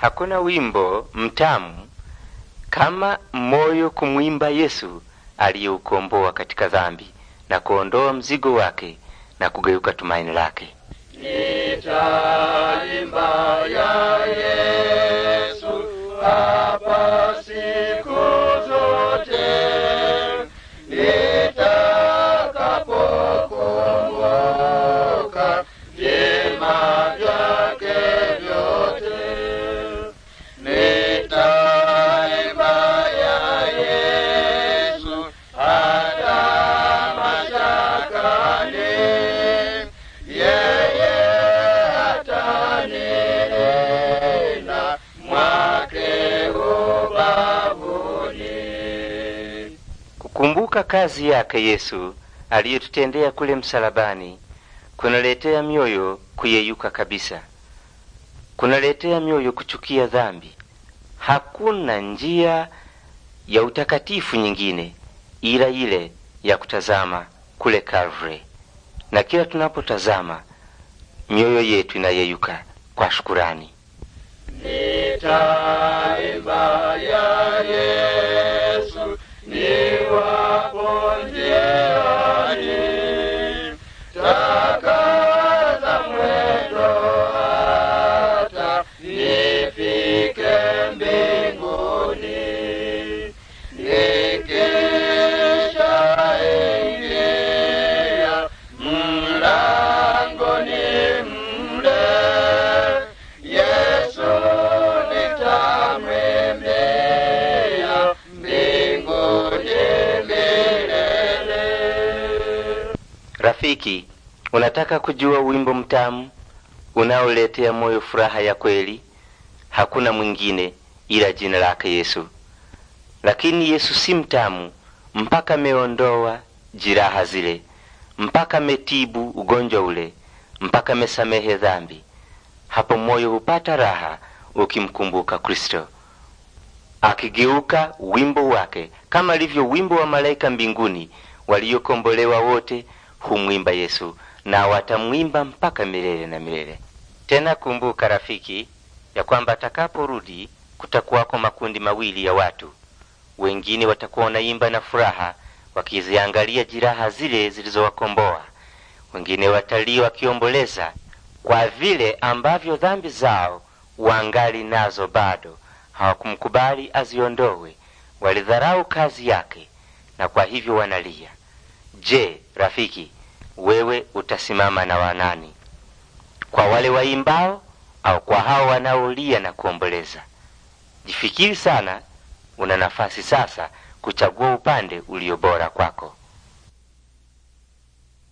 Hakuna wimbo mtamu kama moyo kumwimba Yesu aliyeukomboa katika dhambi na kuondoa mzigo wake na kugeuka tumaini lake. Nitaimba Kumbuka kazi yake Yesu aliyotutendea kule msalabani, kunaletea mioyo kuyeyuka kabisa, kunaletea mioyo kuchukia dhambi. Hakuna njia ya utakatifu nyingine ila ile ya kutazama kule Calvary, na kila tunapotazama mioyo yetu inayeyuka kwa shukurani. Nitaimba ya Yesu Rafiki, unataka kujua wimbo mtamu unaoletea moyo furaha ya kweli? Hakuna mwingine ila jina lake Yesu. Lakini Yesu si mtamu mpaka ameondoa jiraha zile, mpaka ametibu ugonjwa ule, mpaka amesamehe dhambi. Hapo moyo hupata raha ukimkumbuka Kristo, akigeuka wimbo wake, kama alivyo wimbo wa malaika mbinguni waliokombolewa wote kumwimba Yesu na watamwimba mpaka milele na milele. Tena kumbuka rafiki, ya kwamba atakaporudi kutakuwako makundi mawili ya watu. Wengine watakuwa wanaimba na furaha wakiziangalia jiraha zile zilizowakomboa, wengine watalii wakiomboleza kwa vile ambavyo dhambi zao wangali nazo bado hawakumkubali aziondowe, walidharau kazi yake na kwa hivyo wanalia. Je, rafiki wewe utasimama na wanani? Kwa wale waimbao au kwa hao wanaolia na kuomboleza? Jifikiri sana. Una nafasi sasa kuchagua upande ulio bora kwako.